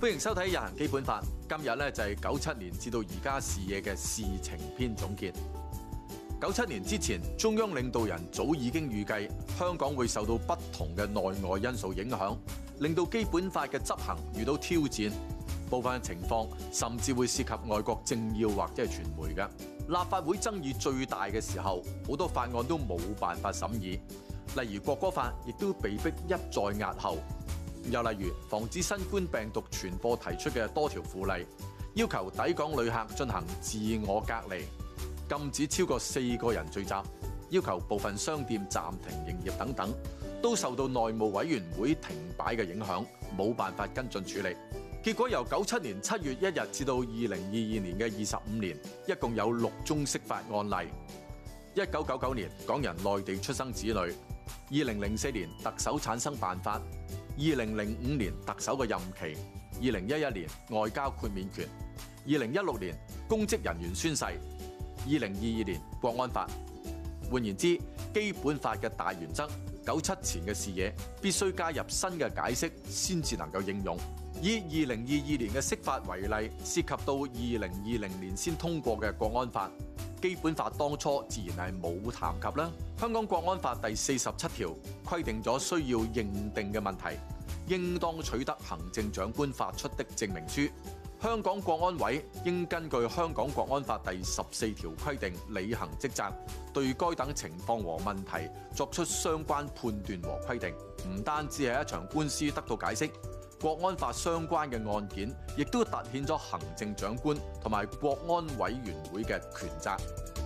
歡迎收睇《日行基本法》。今日咧就係九七年至到而家視野嘅事情篇總結。九七年之前，中央領導人早已經預計香港會受到不同嘅內外因素影響，令到基本法嘅執行遇到挑戰。部分情況甚至會涉及外國政要或者係傳媒嘅立法會爭議最大嘅時候，好多法案都冇辦法審議。例如國歌法，亦都被迫一再押後。又例如防止新冠病毒傳播提出嘅多條附例，要求抵港旅客進行自我隔離，禁止超過四個人聚集，要求部分商店暫停營業等等，都受到內務委員會停擺嘅影響，冇辦法跟進處理。結果由九七年七月一日至到二零二二年嘅二十五年，一共有六宗釋法案例。一九九九年，港人內地出生子女。二零零四年特首產生辦法，二零零五年特首嘅任期，二零一一年外交豁免權，二零一六年公職人員宣誓，二零二二年國安法。換言之，基本法嘅大原則，九七前嘅視野必須加入新嘅解釋先至能夠應用。以二零二二年嘅釋法為例，涉及到二零二零年先通過嘅國安法。基本法當初自然係冇談及啦。香港國安法第四十七條規定咗需要認定嘅問題，應當取得行政長官發出的證明書。香港國安委應根據香港國安法第十四條規定履行職責，對該等情況和問題作出相關判斷和規定。唔單止係一場官司得到解釋。國安法相關嘅案件，亦都凸顯咗行政長官同埋國安委員會嘅權責。